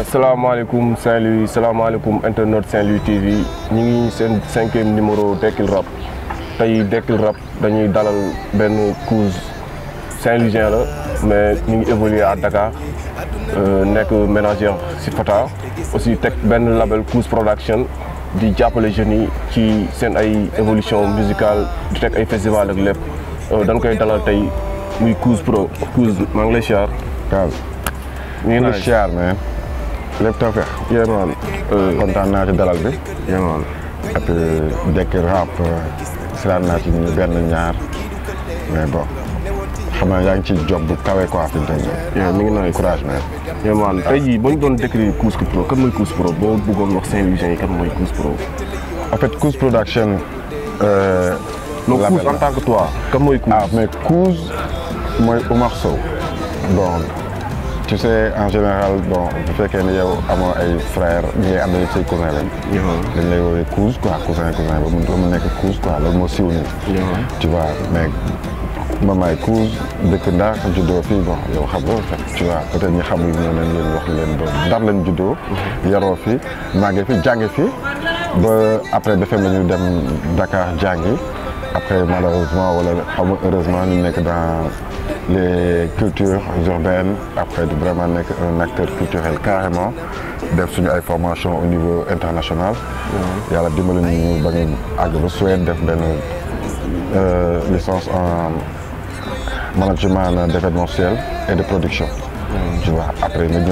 Euh, salaamaaleykum Saint-Louis salaamaaleykum internet Saint-Louis TV ñu ngi seen cinquième numéro Dekkil rab tey Dekkil rab dañuy dalal benn couche Saint-Louisien la mais ñu ngi évoluer à Dakar euh, nekk manager si Fata aussi teg benn label couche production di jàppale jeunes yi ci seen ay évolution musicale di teg ay festival ak lépp euh, dañ koy dalal tey muy couche pro couche maa ngi lay siyaar waaw ñu ngi lay siyaar lépp tawfeex. yéen kontaan naa ci dalal bi. yéen woon ak euh, dëkk rap euh, silaan naa ci benn ñaar mais bon xam naa yaa ngi ci job bu kawe quoi fi mu ngi nooy courage mais. yéen woon ah. tey ñu doon décrire Cous Pro kan mooy Cous wax Saint-Louisien yi kan mooy Cous Pro. en fait Cous Production. Euh, non Cous en tant toi. kan mooy Cous ah, mooy Omar Sow. tu sais en général bon bu fekkee ni yow amoo ay frère ñi ngay àndal say cousin lañ. dañ lay woowee cousin quoi cousin cousin ba mu doon nekk cousin quoi loolu moo siiw nii. tu vois mais man maay cousin dëkk Ndar juddoo fii bon yow xam nga tu vois peut être ñi xamul ñoo leen leen wax leen doon Ndar lañ juddoo. Mhm. yaroo fi màggee fi jànge fi ba après defee nañu dem Dakar jàngi. Après, malheureusement, heureusement, nous sommes dans les cultures urbaines. Après, vraiment, un acteur culturel carrément. def une une formation au niveau international. Il dimbali a une euh, licence en management d'événementiel et de production tu vois après les gars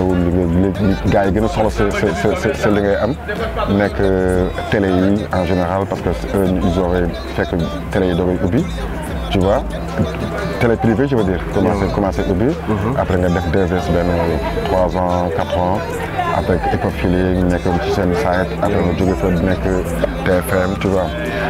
sont euh, télé en général parce que euh, auraient fait auraient télé tu vois télé privé je veux dire commencé commencé ubbi mhm. après on a DVS benn trois ans 4 ans avec Ecofili avec nekk ci site après TFM tu vois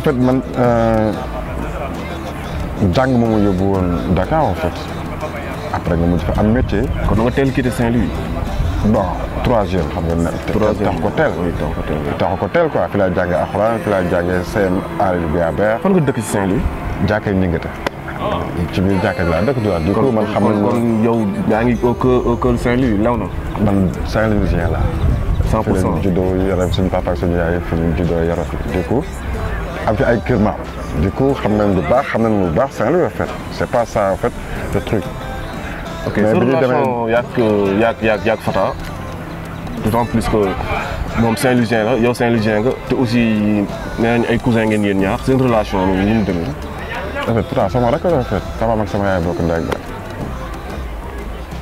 en fait man euh, jàng moom ma yóbbu woon Dakar en fait après nga mujj fa am métier. kon nga teel quitté Saint-Louis. bon troisième xam nga ne. troisième tax ko teel. oui tax ko teel tax ko teel quoi fi laa jàngee alxuraan fi laa jàngee CM Aril Guiabert. fan nga dëkk ci Saint-Louis. jàkkee ñingate. ci biir jàkkee laa dëkk diwaan. du coup man xam nañu kon yow yaa ngi au cœur au cœur Saint-Louis law na. man Saint-Louisien laa. 100 pour cent fi leen juddoo yaram suñu papa ak suñu yaay fi leen juddoo yaram du coup. Ah, avec, avec Kirma. Du coup, Hamem de Bar, Hamem de Bar, c'est lui en fait. C'est pas ça en fait le truc. Ok, mais sur le marchand, il y a que Fata. D'autant plus que moom Saint-Louisien là, yo Saint-Louisien que tu aussi nee ay cousin qui yéen ñaar une relation nous ñu demee. en fait pourtant sama rakk la en fait sama mag sama yaay bokk ndey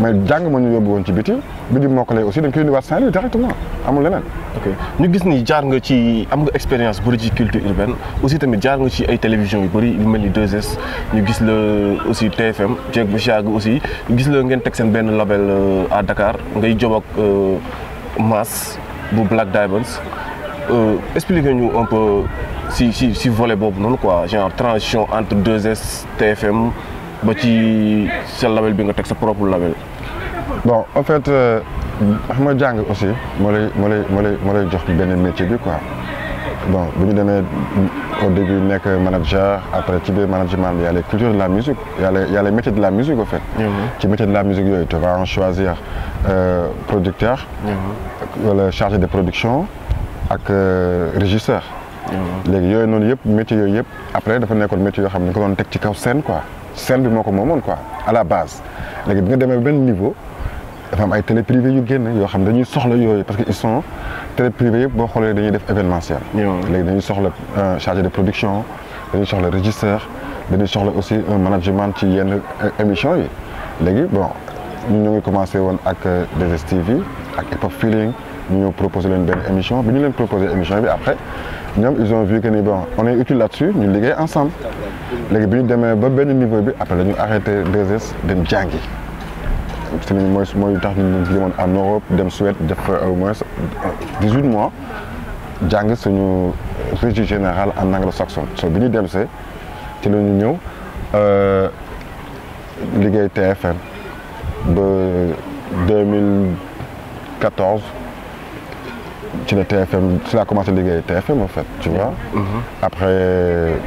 mais jàng ma ñu de woon ci biti je suis aussi directement ok expérience de culture urbaine aussi tamit télévision 2S Nous aussi TFM Jack bu aussi gis avons ngeen label euh, à Dakar ngay job ak euh, Mass pour Black Diamonds euh, expliquez nous un peu si vous voulez, volet quoi transition entre 2S TFM ba ci sa label bi nga teg sa propre label. bon en fait euh, xam nga jàng aussi moo lay moo lay moo lay moo jox benn métier du quoi bon bu ñu au début nekk manager après tu es management il y a les cultures de la musique y a les y a les métiers de la musique en fait. Mhm. ci métier de la musique yooyu tu vas en choisir euh, producteur. Mhm. le chargé de production ak euh, régisseur. Mhm. léegi yooyu non yëpp métiers yooyu après dafa nekkoon métier yoo technique en ko scène quoi scène bi moo ko quoi à la base les bi nga demee niveau dafa am ay télé privé yu génn ils xam dañuy soxla parce que ils sont télé privés pour faire des dañuy def événementiel. léegi dañuy soxla euh, chargé de production dañuy soxla régisseur dañuy soxla aussi un management ci yenn euh, émission yi léegi bon ñu ngi commencé avec ak 2STV euh, ak Pop Feeling nous proposer proposé leen émission bi ñu leen proposé émission bi après ñoom ils ont vu que ni bon on est utile là-dessus ñu liggéey ensemble léegi bi ñu demee ba benn niveau bi après la ñu arrêté 2S dem jàngi si lañ mooy mooy tax ñu demoon en Europe dem Suède def au moins 18 mois jàng suñu régie général en anglo-saxon so bi ñu dem see ci la ñu ñëw euh, liggéey TFM ba 2014 ci la TFM ci la commencé liggéey TFM en fait tu vois mm-hmm. après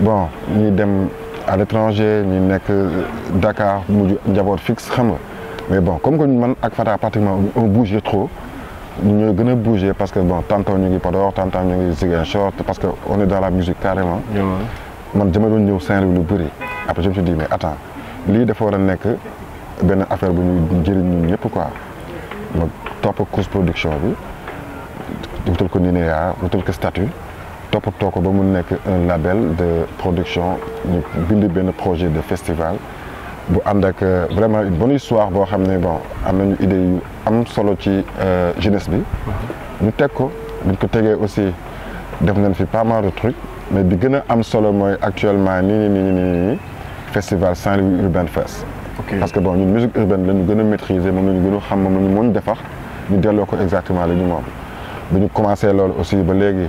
bon ni dem à l'étranger ñu nek Dakar mujj njaboot fixe xam nga mais bon comme que man ak Fata pratiquement on bouge trop ñu gëna bouger parce que bon tantôt ñu ngi tant tantôt ñu ngi short parce que on est dans la musique carrément. man jëma doon ñëw Saint-Louis lu bëri. après je me suis dit mais attends li dafa war nek nekk affaire bu ñu jëriñ ñun ñëpp quoi ma topp course production bi wutal ko Ninea wutal ko statut top, ko ba mu nekk un label de production ñu bind ben projet de festival bu ànd ak euh, vraiment une bonne histoire bo xamné bon am nañu idée yu am solo ci euh, jeunesse bi ñu tek ko buñ ko tégué aussi def nañ fi pas mal de trucs mais bi gëna am solo moy actuellement ni ni ni ni festival Saint-Louis Urban Fest parce que bon une musique urbaine la ñu maîtriser moom la ñu gën xam moom ñu mën ñu délo ko exactement li ñu moom bi ñu commencé loolu aussi ba légui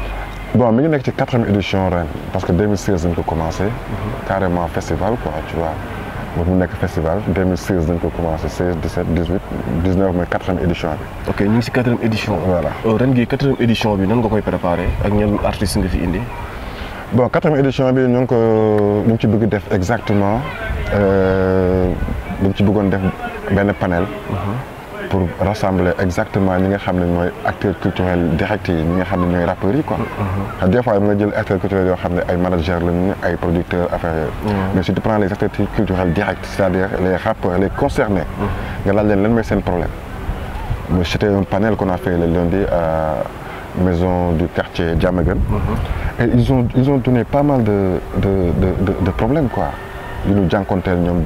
bon mi ngi nekk 4 quatrième édition ren parce que 2016 on avons commencé. Mhm. carrément festival quoi tu vois. Nous sommes festival 2016 on avons commencé 16 17 18 19 mais 4ème édition Ok, ok sommes ngi 4ème édition. voilà euh, ren 4 quatrième édition bi nan nga koy préparé avec les artistes nga fi indi. bon quatrième édition nous avons fait ko ci bëgg def exactement euh, ñu ngi ci panel. Mhm pour rassembler exactement les nga acteurs culturels directs et nga xamné mm-hmm. des fois me jël acteurs culturels yo xamné ay managers lañu ay producteurs affaires mm-hmm. mais si tu prends les acteurs culturels directs c'est-à-dire les rappeurs les concernés. Mm-hmm. nga laaj leen lan mooy le problème. mais c'était un panel qu'on a fait le lundi à maison du quartier Diamagan. et ils ont ils ont donné pas mal de de de de, de problèmes quoi nous nous jànkonteel ñoom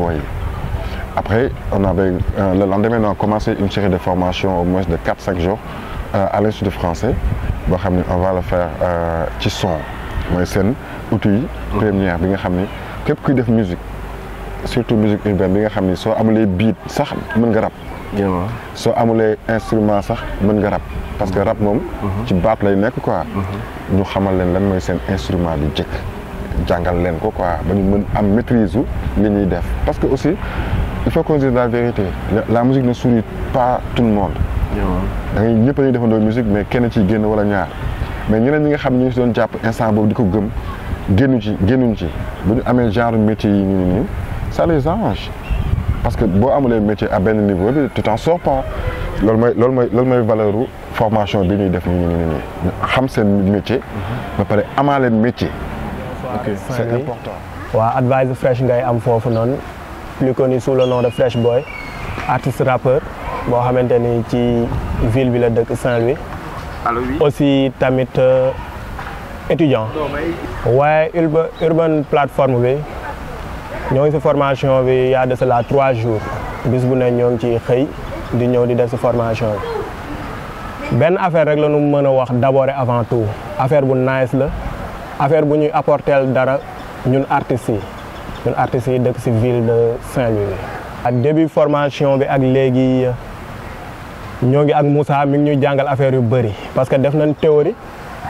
après, on avait, euh, le lendemain, on a commencé une série de formations au moins de 4-5 jours euh, à l'Institut français. on va le faire qui euh, sont mooy seen outil yi première bi nga xam ni musique surtout musique urbaine bi nga xam ni soo amulee beat sax mën nga rap Soit amulee instrument sax mën nga rap parce que rap moom ci mm-hmm. bats lay nekk quoi mm-hmm. ñu xamal leen lan mooy seen instrument bi jëkk jàngal leen ko quoi ba ñu on am maîtrise li ñuy parce que aussi il faut qu'on dise la vérité la musique ne sourit pas tout le monde. Hein. da ngay ñëpp dañuy defandoo musique mais kenn ciy génn wala ñaar mais ñeneen ñi nga xam ñu ngi si doon jàpp instant boobu di ko gëm génnu ci génnuñ ci bu ñu genre métier yi ñu nii ça les arrange parce que boo amulee métier à benn niveau bi tu t'en sors pas loolu mooy loolu mooy loolu mooy valeuru formation bi ñuy def ñu nii nii xam seen métier. ba pare amaale métier. ok c'est important. advice fresh ngay am foofu non plus connu sous le nom de Fresh Boy artiste rappeur Mohamed xamante qui ci ville de Saint-Louis. aussi tamit euh, étudiant. Oui, urban Platform. plateforme Nous avons formation il y a de cela trois jours Nous avons une formation. Nous ci une di formation Ben affaire rek la ñu d'abord et avant tout affaire bu nice la affaire bu ñuy apporter dara ñun artistes c'est artistes de ville de Saint-Louis. début formation avec parce que def nañ théorie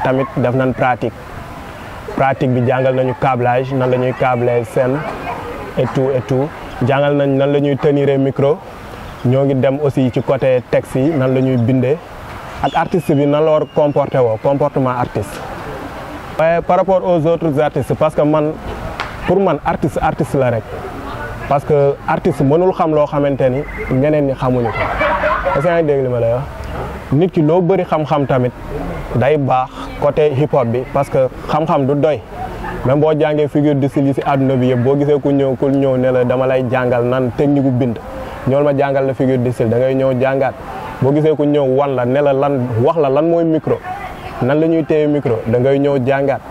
tamit def pratique pratique bi jàngal câblage Nous avons et tout et tout jàngal nañ micro Nous avons aussi ci côté artiste comportement artiste. par rapport aux autres artistes parce que pour man artiste artiste la rek parce que artiste mënul xam loo xamante ni ñeneen ñi xamuñu ko est-ce que ma la wax nit ki loo bëri xam-xam tamit day baax côté hip hop bi parce que xam-xam du doy même boo jàngee figure de style si àdduna bi yëpp boo gisee ku ñëw ku ñëw ne la dama lay jàngal nan technique gu bind ñool ma jàngal la figure de style da ngay ñëw jàngaat boo gisee ku ñëw wan la nela la lan wax la lan mooy micro nan la ñuy téye micro da ngay ñëw jàngaat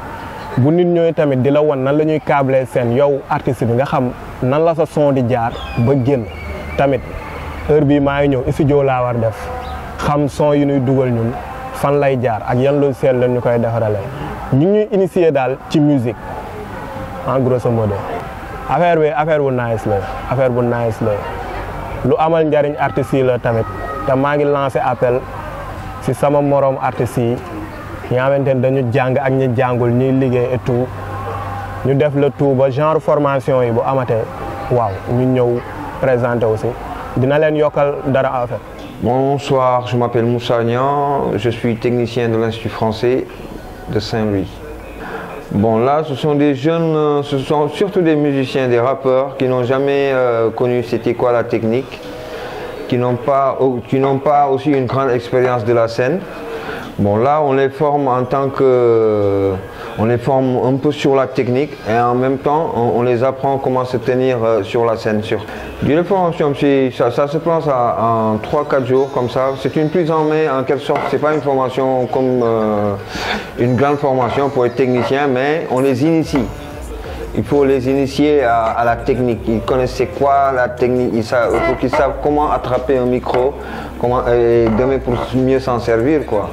bu nit ñooy tamit di la wan nan la ñuy câbler seen yow artiste bi nga xam nan la sa son di jaar ba génn tamit heure bii maa ngi ñëw studio laa war def xam son yi ñuy dugal ñun fan lay jaar ak yan lu seen la ñu koy defarale ñu ñuy initier daal ci musique en grosso modo affaire bi affaire bu nice la affaire bu nice la lu amal njariñ artistes la tamit te maa ngi lancé appel si sama morom artistes yi ñi dañu nous, ak ñi tout ñu def le tout ba genre formation yi bu amatee waaw ñu présenter aussi dina leen yokkal dara Bonsoir, je m'appelle Moussa Nian, je suis technicien de l'Institut français de Saint-Louis. Bon là, ce sont des jeunes, euh, ce sont surtout des musiciens, des rappeurs qui n'ont jamais euh, connu c'était quoi la technique, qui n'ont pas, qui n'ont pas aussi une grande expérience de la scène. Bon, là, on les forme en tant que. On les forme un peu sur la technique et en même temps, on, les apprend comment se tenir euh, sur la scène. Sur... D'une formation, ça, se passe en 3-4 jours comme ça. C'est une prise en main en quelque sorte. C'est pas une formation comme euh, une grande formation pour les techniciens, mais on les initie il faut les initier à, la technique. Ils connaissaient quoi la technique. Il faut qu'ils savent comment attraper un micro, comment et demain pour mieux s'en servir quoi.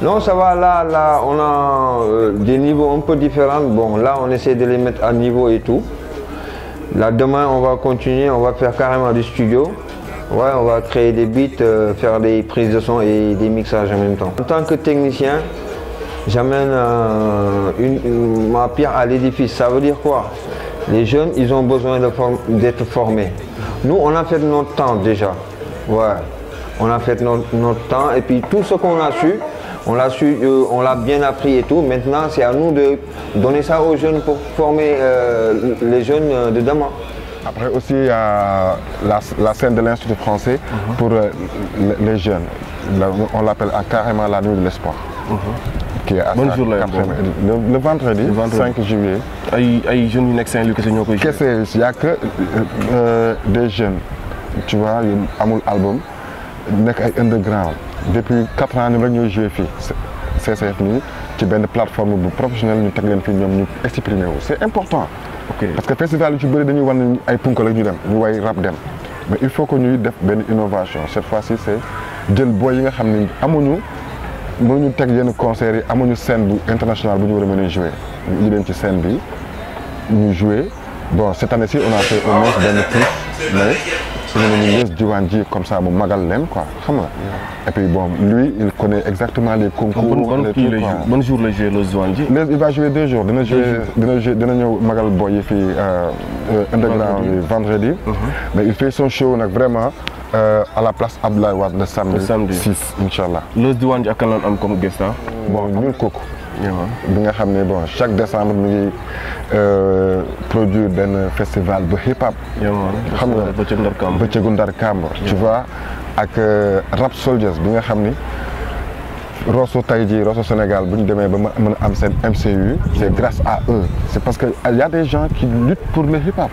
Non, ça va, là, là, on a euh, des niveaux un peu différents. Bon, là, on essaie de les mettre à niveau et tout. Là, demain, on va continuer, on va faire carrément du studio. Ouais, on va créer des beats, euh, faire des prises de son et des mixages en même temps. En tant que technicien, j'amène euh, ma pierre à l'édifice. Ça veut dire quoi Les jeunes, ils ont besoin d'être formés. Nous, on a fait notre temps déjà. Ouais, on a fait notre temps et puis tout ce qu'on a su, on l'a su, euh, on l'a bien appris et tout. Maintenant, c'est à nous de donner ça aux jeunes pour former euh, les jeunes euh, de demain. Après aussi, il y a la, scène de l'Institut français mhm. pour les jeunes. on l'appelle carrément la nuit de l'espoir. là, mhm. le, vendredi, 25 5 juillet. Il n'y a que des jeunes. Tu vois, il y a un album, il y underground depuis 4 ans, nous avons joué ici, CCF, sur une plateforme professionnelle, nous nous nous exprimer. C'est important. Parce que le festival, nous avons fait des punks, nous avons fait des rap. Dem. Mais il faut que nous fassions une innovation. Cette fois-ci, c'est de le boire, nous avons fait nous avons fait des concerts, nous avons fait des scènes internationales, nous avons fait jouer. Nous avons fait des scènes, nous avons Bon, cette année-ci, on a fait au moins 20 plus, comme ça, mon Magalem, quoi. Et puis bon, lui, il connaît exactement les concours. jour le jeu, le mais Il va jouer deux jours. Il va jouer Magal Boy, euh, euh, vendredi. Uh-huh. Mais il fait son show, donc, vraiment. Euh, à la place Abdoulaye Wade le samedi. le samedi 6 incha allah. loolu diwaan ji ak kan la am comme guest star. bon ñun kooku. bi nga xam ne bon chaque décembre mi ngi euh, produire benn festival bu hip hop. xam nga bëccëgu ndar kàmb. tu vois ak euh, rap soldiers bi nga xam ni. Rosso Taïdji, Rosso Sénégal c'est MCU c'est grâce à eux c'est parce que y a des gens qui luttent pour le hip hop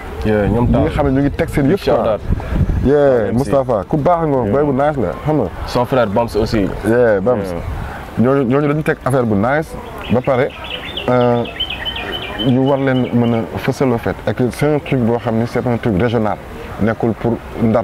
ñi xam son frère Bams aussi Yeah, Bams Ils dañu affaire nice ba euh, ñu le fait que c'est un truc c'est un truc régional pour Ndar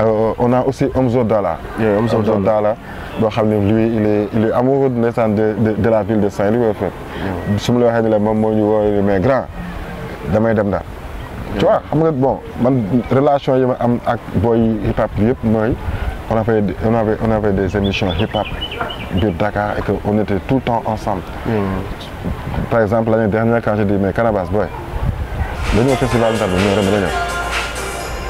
Euh, on a aussi Omzo Dala. Yeah, Omzo, Omzo Dala. lui, il est, il est amoureux de, la ville de Saint-Louis. En fait. yeah. Si je le Il mais grand, demain, demain. Tu vois, bon, relation avec boy hip-hop, on avait, on, avait, on avait des émissions hip-hop de Dakar et qu'on était tout le temps ensemble. Par exemple, l'année dernière, quand j'ai dit, mais Cannabis Boy, le festival de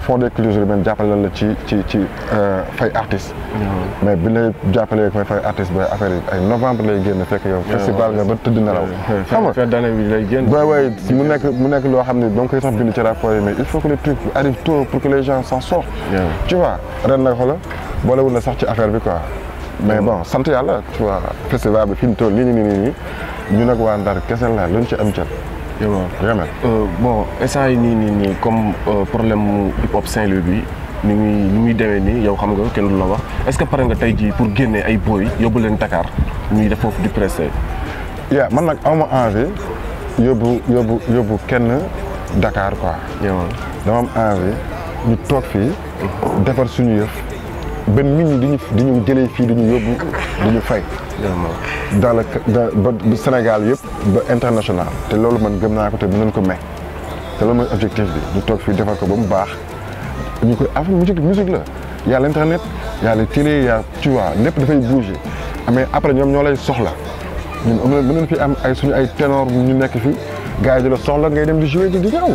fond des cultures urbaines jàppale lan la ci ci ci euh, fay artiste mm-hmm. mais bi lay jàppalee may fay artiste ba affaire yi ay novembre lay génn fekk yow festival nga ba tëdd nelaw xam nga waaw waay mu nekk mu nekk loo xam ne ba nga koy sax bind ci rapport yi mais il faut que le truc arrive tôt pour que les gens s'en sortent tu vois ren nag xoola boolewul na sax ci affaire bi quoi mais bon sant yàlla tu vois festival bi fi mu toll nii nii nii nii ñu nag waa Ndar kese la luñ ci am cat Euh, bon ça yi euh, ni comme problème du hip hop Saint-Louis ni ni ni la est-ce que tu nga tay pour gagner ay boys Dakar ni def foofu di pressé. je man nak envie Dakar quoi. dama am envie ni tok fi mm-hmm. défar suñu ben nit ñi di ñu di ñu jëlee fii di ñu yóbbu di ñu fay. dans le Sénégal yëpp ba international. té loolu man gëm naa ko te dinañ ko may té loolu mooy objectif bi ñu toog fi defar ko ba mu baax ñu koy affaire musique musique la y a l'internet y a les télé y a tu vois lépp dafay bouger mais après ñoom ñoo lay soxla ñun am na fi am ay suñu ay tenor ñu nekk fi gars yi di la soxla ngay dem di jouer ji di ñaaw.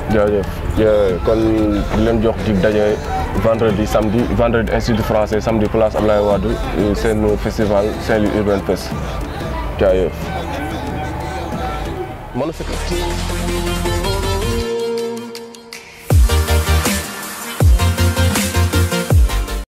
jërëjëf kon di leen jox dig daje vendredi samedi vendredi institut français samedi place Ablaye Wade euh, seen festival Saint-Louis Urban Fest